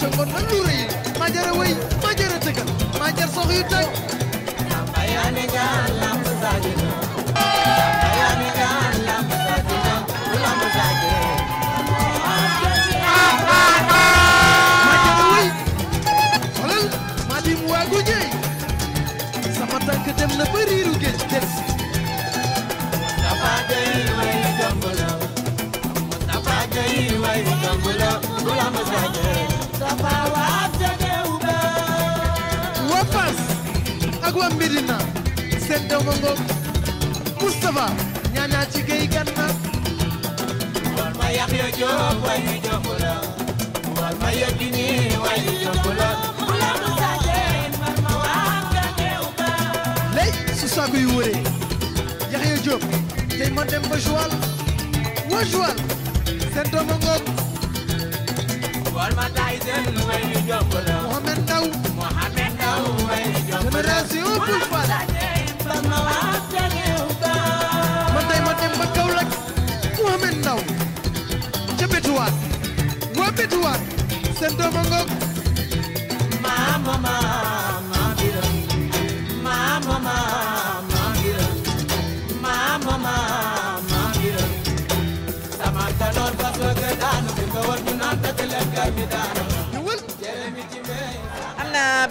ca kon ma lu rëy maa jara wéy maa jara tëggal maa jar sox yu tëgg waa Medina seen doom ngoog Moustapha ñaanaa ci géej ganna war ma yàq yo jóg way yu jóg la war ma yëg nii way yu jóg la la mu saajeen ma waa nga néew ba lay su saaku yu wëree yàq yo ma dem ba Joal waa ma taay seen way yu jóg la Mohamed Navidad.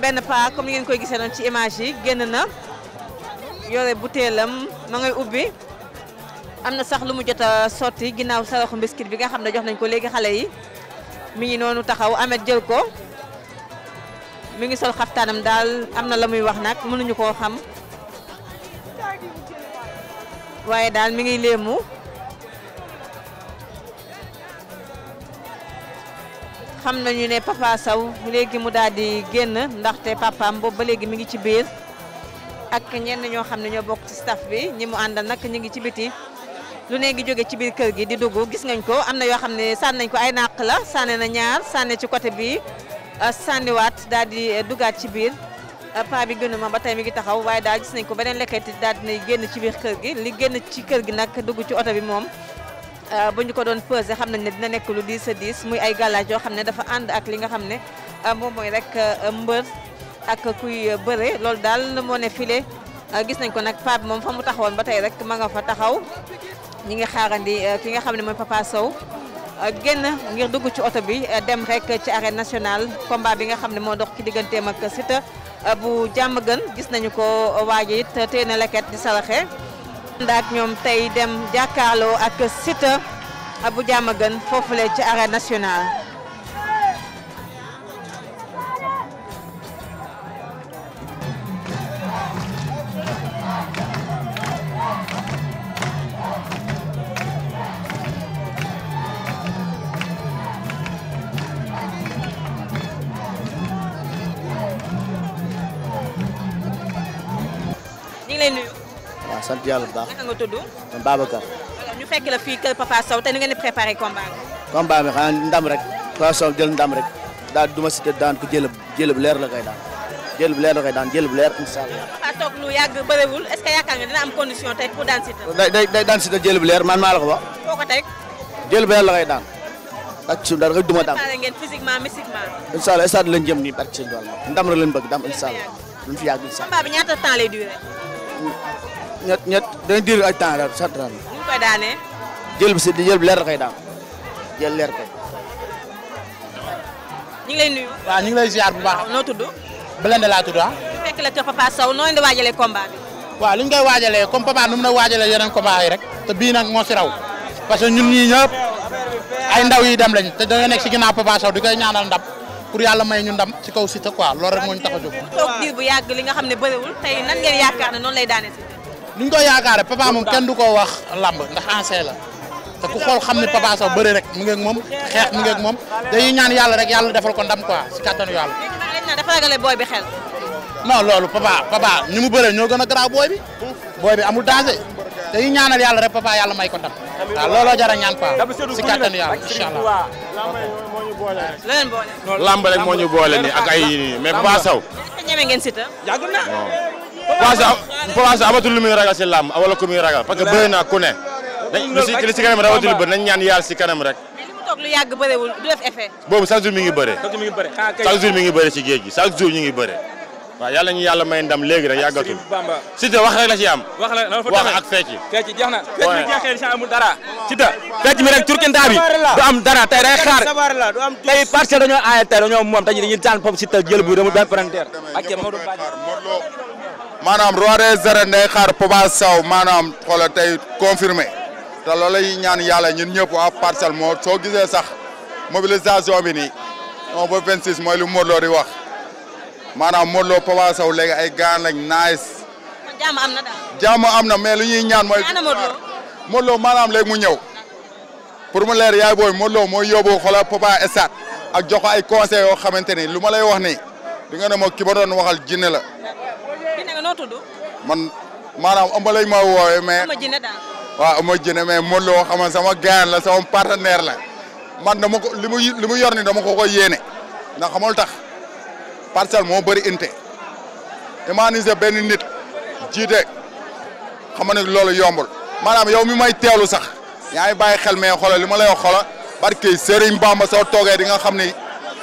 benn pa comme ni ngeen koy gisee noonu ci image yi génn na yore butéelam ma ngay ubbi am na sax lu mu jot a sotti ginnaaw saraxu mbiskit bi nga xam ne jox nañ ko léegi xale yi mi ngi noonu taxaw Amet jël ko mu ngi sol xaftaanam daal am na la muy wax nag mënuñu koo xam waaye daal mi ngi léemu xam nañu ne papa saw léegi mu daal di génn ndaxte papaam boobu ba léegi mi ngi ci biir ak ñenn ñoo xam ne ñoo bokk ci staff bi ñi mu àndal nag ñu ngi ci biti lu ne ngi jóge ci biir kër gi di dugg gis ngañ ko am na yoo xam ne sànni nañ ko ay naq la sànni na ñaar sànni ci côté bi euh, sànniwaat daal di euh, duggaat ci biir euh, paa bi gënu ma ba tey mi ngi taxaw waaye daal gis nañ ko beneen lekkati daal di génn ci biir kër gi li génn ci kër gi nag dugg ci oto bi moom Euh, ba ñu ko doon pesé xam nañ ne dina nekk lu diis a diis muy ay galaaj yoo xam ne dafa ànd ak li nga xam ne euh, moom mooy rek euh, mbër ak kuy bëre loolu daal moo ne file gis nañ ko nag Pape moom fa mu taxawoon ba tey rek ma nga fa taxaw ñi ngi xaarandi ki nga xam ne mooy Papa Sow génn ngir dugg ci oto bi dem rek ci arène national combat bi nga xam ne moo dox ci digganteem ak Siteu bu jàmm gën gis nañu ko waaje it téye na leket di saraxe ndaak ñoom tey dem jàkkaarloo ak Siteu bu Diamaguène foofule ci arène nationale sant yàlla bu baax. naka nga tudd. man Babacar. alors ñu fekk la fii kër Papa Sow te ni ngeen préparé combat bi. ndam rek. Papa Sow jël ndam rek daal du ma cité daan ko jël jël bu leer la koy daan jël bu leer la daan jël bu leer incha allah. Papa toog lu yàgg bëriwul est ce que yaakaar nga leer man maa la ko wax. foo ko teg. jël bu leer la koy daan. ak ci dara du ma daan préparé ngeen physiquement mystiquement. incha allah stade lañ jëm nii barke ndam rek lañ bëgg ndam incha allah. fi yàgg incha ñett ñett dañ diir ay temps daal sant daal. ñu koy daanee. jël bi si jël leer la daan jël leer kay. ñu ngi lay nuyu. ñu ngi lay ziar bu baax. noo tudd. Blende laa tudd ah. bu fekkee la kër Papa Sow noo leen di waajalee combat bi. waaw li ñu koy waajalee comme Papa nu mu la waajalee rek. te bii nag moo si raw parce que ñun ñii ñëpp ay ndaw yi dem lañ te dañoo nekk si ginnaaw Papa Sow di koy ñaanal ndam pour yàlla may ñu ndam si kaw si te quoi loolu rek moo ñu tax a jóg. toog diir bu yàgg li nga xam ne bëriwul ñu ko yaakaare papa moom kenn du ko wax lamb ndax ancien la te ku xool xam ne papa sax bëri rek mu ngeeg moom xeex mu ngeeg moom dañuy ñaan yàlla rek yàlla defal ko ndam quoi si kattanu yàlla. dafa ragale booy bi xel. non loolu papa papa ñu mu bëree ñoo gën a garaaw booy bi amul danger dañuy ñaanal yàlla rek papa yàlla may ko ndam waaw looloo jar a ñaan quoi si kattanu yàlla incha allah. lamb rek moo ñu boole nii ak ay mais papa saw. Papa Sow amatul lu muy ragal si làmb wala ku mi ngi bëre. chaque jour mi ngi bëre si ah, géej gi chaque jour ñu ngi wax ak fecc. fecc mi rek turkindaa bi am dara tey xaar tey parcelle dañoo aayal tey dañoo moom tey dañuy daan foofu Siteu jël bu demul benn frontière maanaam roi des arènes day xaar Papa Sow maanaam xoolal tey confirmé te loolu yi ñaan yàlla ñun ñëpp waa parcelle moo soo gisee sax mobilisation bi nii non ba 26 mooy lu Modou Lo di wax maanaam Modou Lo Papa Sow léegi ay gaan lañ nice. jàmm am na daal. jàmm lu ñuy ñaan mooy. ana Modou Lo Modou maanaam léegi mu ñëw pour mu leer yaay booy Modou mo mooy yóbbu Papa Esat ak jox ay conseils yoo xamante ni lu ma lay wax ni di nga ne ma ki ma doon waxal jinne la. noo tudd. man maanaam ëmb lañ ma woowee mais. ëmb jine daal. waaw ëmb jine mais Modou Lo xam sama gaañ la sama partenaire la man dama ko li mu li mu yor ni dama ko ko yéene na xamul tax parcelle moo bari inte humaniser benn nit jiite xam ne loolu yombul maanaam yow mi may teelu sax yaa ngi bàyyi xel mais xoolal li ma lay wax xoolal barke Serigne Bamba soo toogee di nga xam ni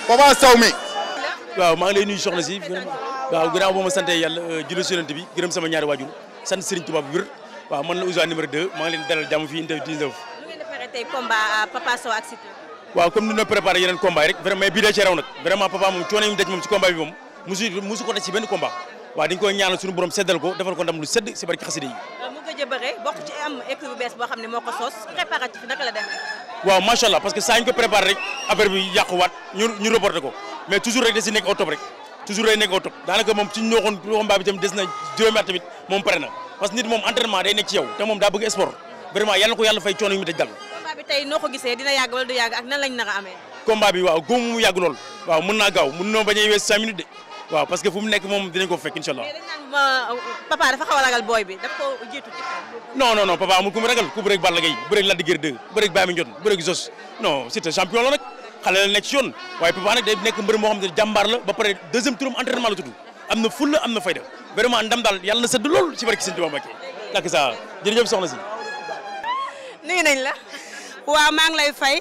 Papa saw mi. maa ngi lay nuyu soxna si waaw ginnaaw ba ma sante yàlla euh, julli si yonent bi gërëm sama ñaari waajur sant Serigne Touba bu waaw man la Ousseynou numéro 2 maa ngi leen dalal jàmm fii unité 19. lu ngeen préparé Papa Sow ak Siteu. ko daj ci benn combat waaw dañ si ko soos euh, la demee waaw macha allah parce que saa ñu ko préparé rek affaire bi yàquwaat ñu ñu reporté ko mais toujours rek da si nekk au rek toujours day nekk au top daanaka moom ci ñooxoon combat tamit des na juróomi at tamit moom pare na parce que nit moom entraînement day nekk ci yow te moom daa bëgg sport vraiment yàlla ko yàlla fay coono mu daj dal tey noo ko gisee dina yàgg wala du ak nan lañ naka amee combat bi waaw góomu mu lool waaw mën naa gaaw mën noo bañ a weesu cinq minutes de waaw parce que fu mu nekk moom dinañ ko fekk incha allah papa dafa xaw ragal booy bi daf ko jiitu xale la nekk ci yoon waaye Papa nag day nekk mbër moo xam ne jàmbaar la ba pare deuxième turam entraînement la tudd am na fulla am na fayda vraiment ndam daal yàlla na sëdd lool ci barki sëñ Tuubaa Mbàkke lakk sa jërëjëf soxna si nuyu nañ la waaw maa ngi lay fay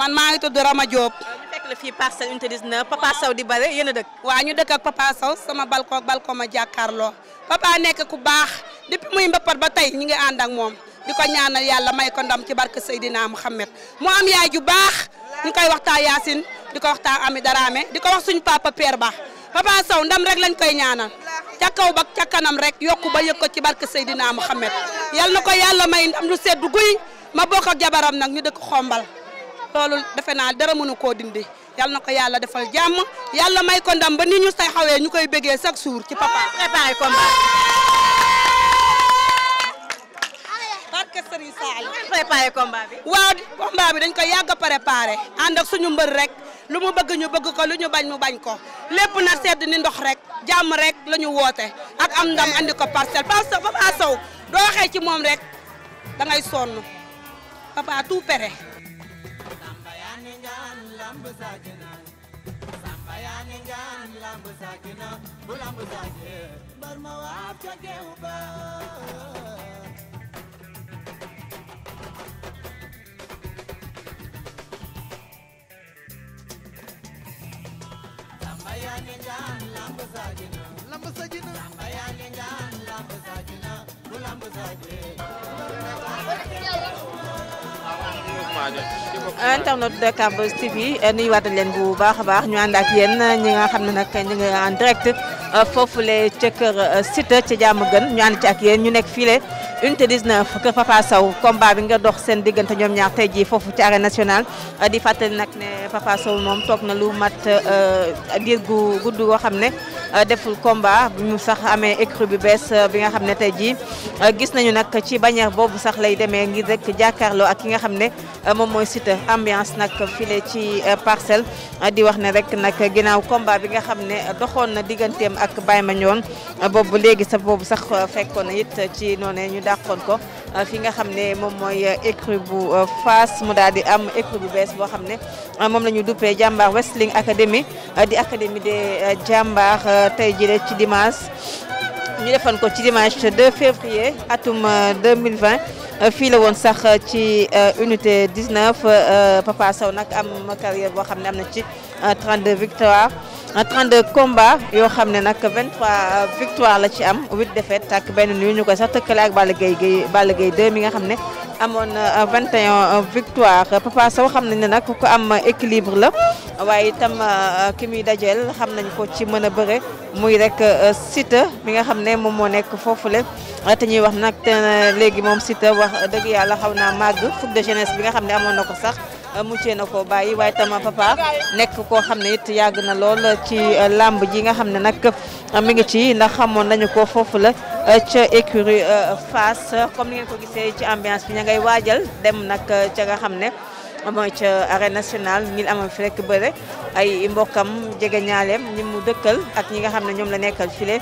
man maa ngi tudd Rama Diop fekk la fii Parcelles Unité 19 Papa Sow di bare yéen a dëkk waaw ñu dëkk ak Papa Sow sama balcon balcon ma jàkkaarloo Papa nekk ku baax depuis muy mbappat ba tey ñu ngi ànd ak moom di ko ñaanal yàlla may ko ndam ci barke Seydina Mouhamed mu am yaay ju baax ñu koy waxtaan Yacine di ko waxtaan Ami Darame di ko wax suñu papa Père Ba papa Sow ndam rek lañ koy ñaanal ca kaw ba ca kanam rek yokk ba yëg ko ci barke Seydina Mouhamed yàlla na ko yàlla may ndam lu sedd guy ma bokk ak jabaram nag ñu dëkk xombal loolu defe naa dara mënu koo dindi yal na ko yàlla defal jàmm yàlla may ko ndam ba ni ñu say ñu koy bëggee chaque jour ci barke waaw combat dañ ko yàgg a préparé ànd ak suñu mbër rek lu mu bëgg ñu bëgg ko lu ñu bañ mu bañ ko lépp na sedd ni ndox rek jàmm rek lañu woote ak am ndam andi ko parcelle parce Papa Sow doo waxee ci moom rek da sonn papa tout pere. ngi njaan lamb saajina lamb saajina lamba yaa ngi njaan lamb saajina bu lamb saajee internet de Cambus TV eh, nuyuwaat leen bu baax a baax ñu ànd ak yéen ñi nga xam ne nag ñu ngi en direct Euh, foofule ca kër euh, Siteu ca jàmm gën ñu ànd ci ak yéen ñu nekk file unité 19 kër Papa Sow bi nga dox seen diggante ñoom ñaar tey jii foofu ci arène national euh, di fàttali nag ne Papa moom toog na lu mat diir gu gudd goo xam ne deful combat bu ñu sax amee écrit bu bees bi nga xam ne tey jii gis nañu nag ci bannière boobu sax lay demee ngir rek jàkkaarloo ak ki nga xam ne moom mooy Siteu ambiance nag file ci parcelle di wax ne rek nag ginnaaw combat bi nga xam ne doxoon na digganteem ak Baye Mandione boobu léegi sax boobu sax fekkoon na it ci noonu ñu dàqoon ko fi nga xam ne moom mooy écurie bu Fass mu daal di am écurie bu bees boo xam ne moom la ñu duppee Jàmbaar Wrestling Academy di académie des jàmbaar tey jii ci dimanche. ñu defoon ko ci dimanche 2 février atum 2020 fii la woon sax ci euh, unité 19 euh, Papa Sow nag am carrière boo xam ne am na ci 32 euh, victoires. 32 combats yoo xam ne nag 23 victoire la ci am 8 défaites ak benn nuyu ñu koy sax tëkkale ak Balla Gaye Gaye Balla Gaye mi nga xam ne amoon 21 victoire Papa Sow xam nañ ne nag ku am équilibre la waaye itam euh, ki muy dajeel xam nañ ko ci mën a bëre muy rek euh, Siteu mi nga xam ne moom moo nekk foofule te ñuy wax nag te euh, léegi moom Siteu wax dëgg yàlla xaw naa màgg foot de jeunesse bi nga xam ne amoon na ko sax. muccee na koo bàyyi waaye tam papa nekk koo xam ne it yàgg na lool ci euh, làmb ji nga xam ne nag euh, mi ngi ci ndax xamoon nañu ko foofu la euh, ca écurie Fass comme ni ngeen ko gisee ci ambiance bi ña ngay waajal dem nag ca nga xam ne mooy ca arène nationale ngir amoon fi rek bëre ay mbokkam jege ñaaleem ni mu dëkkal ak ñi nga xam ne ñoom la nekkal file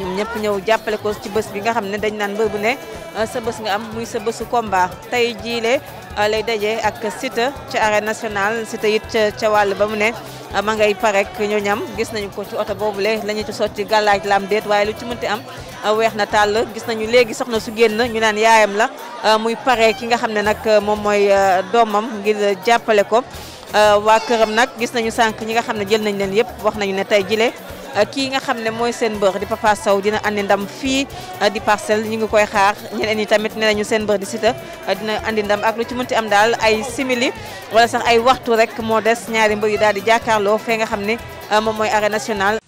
ñoom ñëpp ñëw jàppale ko ci bés bi nga xam ne dañ naan mbër bu ne euh, sa bés nga am muy sa bésu combat tey jiile euh, lay daje ak Siteu ca arène nationale Siteu it ca wàll ba mu ne euh, ma ngay parek ñoo ñam gis nañu ko ci oto boobule la ñu ci sotti laam déet waaye lu ci mënti am weex na tàll gis nañu léegi soxna su génn ñu naan yaayam la muy pare ki nga xam ne nag moom mooy doomam ngir jàppale ko waa këram nag gis nañu sànq ñi nga xam ne jël nañ leen yëpp wax nañu ne tey jile kii nga xam ne mooy seen mbër di Papa Sow dina andi ndam fii uh, di parcelle ñu ngi koy xaar ñeneen ñi tamit nee nañu seen mbër di Siteu uh, dina andi ndam ak lu ci ti am daal ay simili wala sax ay waxtu rek moo des ñaari mbër daal di jàkkaarloo fee nga xam ne uh, moom mooy arène national